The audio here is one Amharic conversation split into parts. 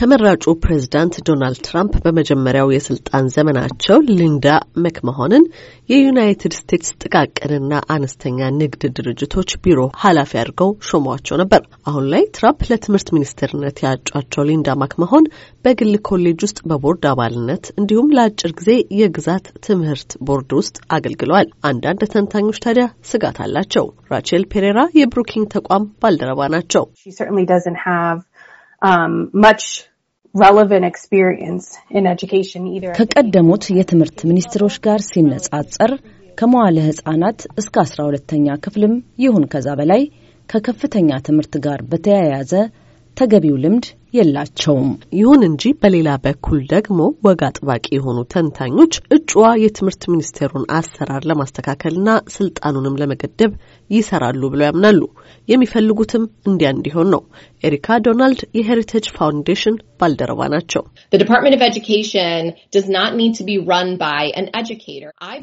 ተመራጩ ፕሬዝዳንት ዶናልድ ትራምፕ በመጀመሪያው የስልጣን ዘመናቸው ሊንዳ መክመሆንን የዩናይትድ ስቴትስ ጥቃቅንና አነስተኛ ንግድ ድርጅቶች ቢሮ ኃላፊ አድርገው ሾሟቸው ነበር። አሁን ላይ ትራምፕ ለትምህርት ሚኒስትርነት ያጯቸው ሊንዳ ማክመሆን በግል ኮሌጅ ውስጥ በቦርድ አባልነት እንዲሁም ለአጭር ጊዜ የግዛት ትምህርት ቦርድ ውስጥ አገልግለዋል። አንዳንድ ተንታኞች ታዲያ ስጋት አላቸው። ራቼል ፔሬራ የብሩኪንግ ተቋም ባልደረባ ናቸው። ከቀደሙት የትምህርት ሚኒስትሮች ጋር ሲነጻጸር ከመዋለ ህጻናት እስከ አስራ ሁለተኛ ክፍልም ይሁን ከዛ በላይ ከከፍተኛ ትምህርት ጋር በተያያዘ ተገቢው ልምድ የላቸውም። ይሁን እንጂ በሌላ በኩል ደግሞ ወግ አጥባቂ የሆኑ ተንታኞች እጩዋ የትምህርት ሚኒስቴሩን አሰራር ለማስተካከልና ስልጣኑንም ለመገደብ ይሰራሉ ብለው ያምናሉ። የሚፈልጉትም እንዲያ እንዲሆን ነው። ኤሪካ ዶናልድ የሄሪቴጅ ፋውንዴሽን ባልደረባ ናቸው።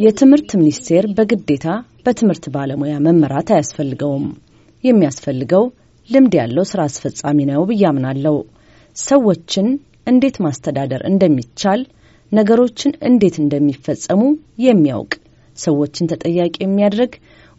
የትምህርት ሚኒስቴር በግዴታ በትምህርት ባለሙያ መመራት አያስፈልገውም። የሚያስፈልገው ልምድ ያለው ስራ አስፈጻሚ ነው ብዬ አምናለሁ። ሰዎችን እንዴት ማስተዳደር እንደሚቻል፣ ነገሮችን እንዴት እንደሚፈጸሙ የሚያውቅ ሰዎችን ተጠያቂ የሚያደርግ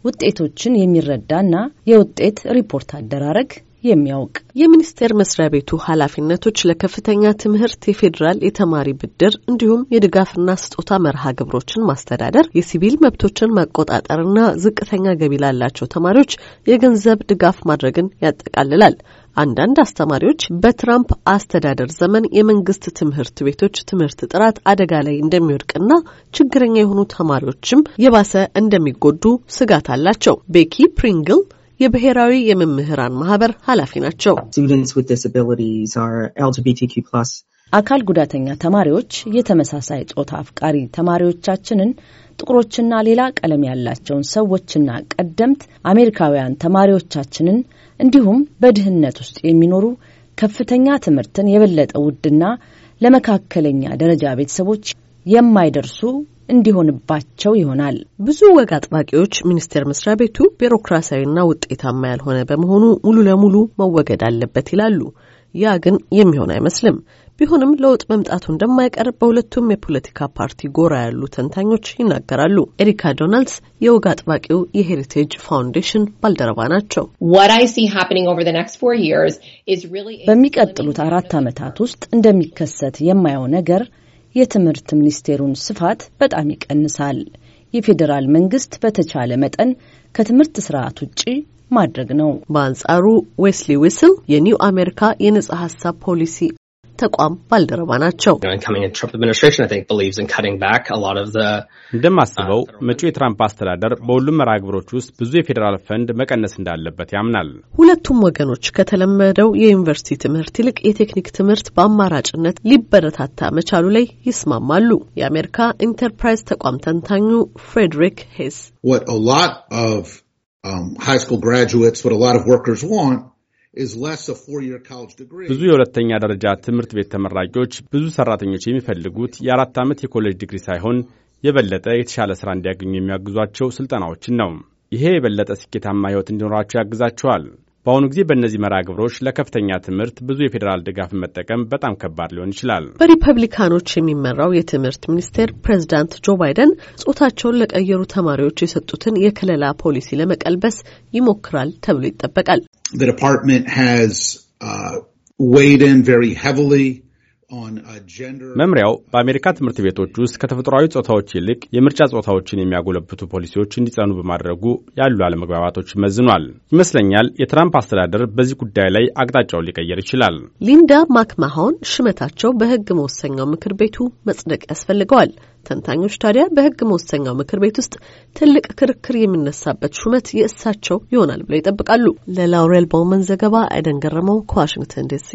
ውጤቶችን የሚረዳና የውጤት ሪፖርት አደራረግ የሚያውቅ የሚኒስቴር መስሪያ ቤቱ ኃላፊነቶች ለከፍተኛ ትምህርት የፌዴራል የተማሪ ብድር እንዲሁም የድጋፍና ስጦታ መርሃ ግብሮችን ማስተዳደር፣ የሲቪል መብቶችን ማቆጣጠርና ዝቅተኛ ገቢ ላላቸው ተማሪዎች የገንዘብ ድጋፍ ማድረግን ያጠቃልላል። አንዳንድ አስተማሪዎች በትራምፕ አስተዳደር ዘመን የመንግስት ትምህርት ቤቶች ትምህርት ጥራት አደጋ ላይ እንደሚወድቅና ችግረኛ የሆኑ ተማሪዎችም የባሰ እንደሚጎዱ ስጋት አላቸው። ቤኪ ፕሪንግል የብሔራዊ የመምህራን ማህበር ኃላፊ ናቸው። አካል ጉዳተኛ ተማሪዎች የተመሳሳይ ጾታ አፍቃሪ ተማሪዎቻችንን ጥቁሮችና ሌላ ቀለም ያላቸውን ሰዎችና ቀደምት አሜሪካውያን ተማሪዎቻችንን እንዲሁም በድህነት ውስጥ የሚኖሩ ከፍተኛ ትምህርትን የበለጠ ውድና ለመካከለኛ ደረጃ ቤተሰቦች የማይደርሱ እንዲሆንባቸው ይሆናል። ብዙ ወግ አጥባቂዎች ሚኒስቴር መስሪያ ቤቱ ቢሮክራሲያዊና ውጤታማ ያልሆነ በመሆኑ ሙሉ ለሙሉ መወገድ አለበት ይላሉ። ያ ግን የሚሆን አይመስልም። ቢሆንም ለውጥ መምጣቱ እንደማይቀር በሁለቱም የፖለቲካ ፓርቲ ጎራ ያሉ ተንታኞች ይናገራሉ። ኤሪካ ዶናልድስ የወግ አጥባቂው የሄሪቴጅ ፋውንዴሽን ባልደረባ ናቸው። በሚቀጥሉት አራት ዓመታት ውስጥ እንደሚከሰት የማየው ነገር የትምህርት ሚኒስቴሩን ስፋት በጣም ይቀንሳል። የፌዴራል መንግስት በተቻለ መጠን ከትምህርት ስርዓት ውጪ ማድረግ ነው። በአንጻሩ ዌስሊ ዊስል የኒው አሜሪካ የነጻ ሀሳብ ፖሊሲ ተቋም ባልደረባ ናቸው። እንደማስበው uh, መጪው የትራምፕ አስተዳደር በሁሉም መርሃ ግብሮች ውስጥ ብዙ የፌዴራል ፈንድ መቀነስ እንዳለበት ያምናል። ሁለቱም ወገኖች ከተለመደው የዩኒቨርሲቲ ትምህርት ይልቅ የቴክኒክ ትምህርት በአማራጭነት ሊበረታታ መቻሉ ላይ ይስማማሉ። የአሜሪካ ኢንተርፕራይዝ ተቋም ተንታኙ ፍሬድሪክ ሄስ um, ብዙ የሁለተኛ ደረጃ ትምህርት ቤት ተመራቂዎች ብዙ ሰራተኞች የሚፈልጉት የአራት ዓመት የኮሌጅ ዲግሪ ሳይሆን የበለጠ የተሻለ ስራ እንዲያገኙ የሚያግዟቸው ሥልጠናዎችን ነው። ይሄ የበለጠ ስኬታማ ሕይወት እንዲኖራቸው ያግዛቸዋል። በአሁኑ ጊዜ በእነዚህ መርሃ ግብሮች ለከፍተኛ ትምህርት ብዙ የፌዴራል ድጋፍን መጠቀም በጣም ከባድ ሊሆን ይችላል። በሪፐብሊካኖች የሚመራው የትምህርት ሚኒስቴር ፕሬዚዳንት ጆ ባይደን ጾታቸውን ለቀየሩ ተማሪዎች የሰጡትን የከለላ ፖሊሲ ለመቀልበስ ይሞክራል ተብሎ ይጠበቃል። the department has uh, weighed in very heavily መምሪያው በአሜሪካ ትምህርት ቤቶች ውስጥ ከተፈጥሯዊ ጾታዎች ይልቅ የምርጫ ጾታዎችን የሚያጎለብቱ ፖሊሲዎች እንዲጸኑ በማድረጉ ያሉ አለመግባባቶች መዝኗል። ይመስለኛል የትራምፕ አስተዳደር በዚህ ጉዳይ ላይ አቅጣጫውን ሊቀየር ይችላል። ሊንዳ ማክማሆን ሽመታቸው በሕግ መወሰኛው ምክር ቤቱ መጽደቅ ያስፈልገዋል። ተንታኞች ታዲያ በሕግ መወሰኛው ምክር ቤት ውስጥ ትልቅ ክርክር የሚነሳበት ሹመት የእሳቸው ይሆናል ብለው ይጠብቃሉ። ለላውሬል ቦውመን ዘገባ አይደን ገረመው ከዋሽንግተን ዲሲ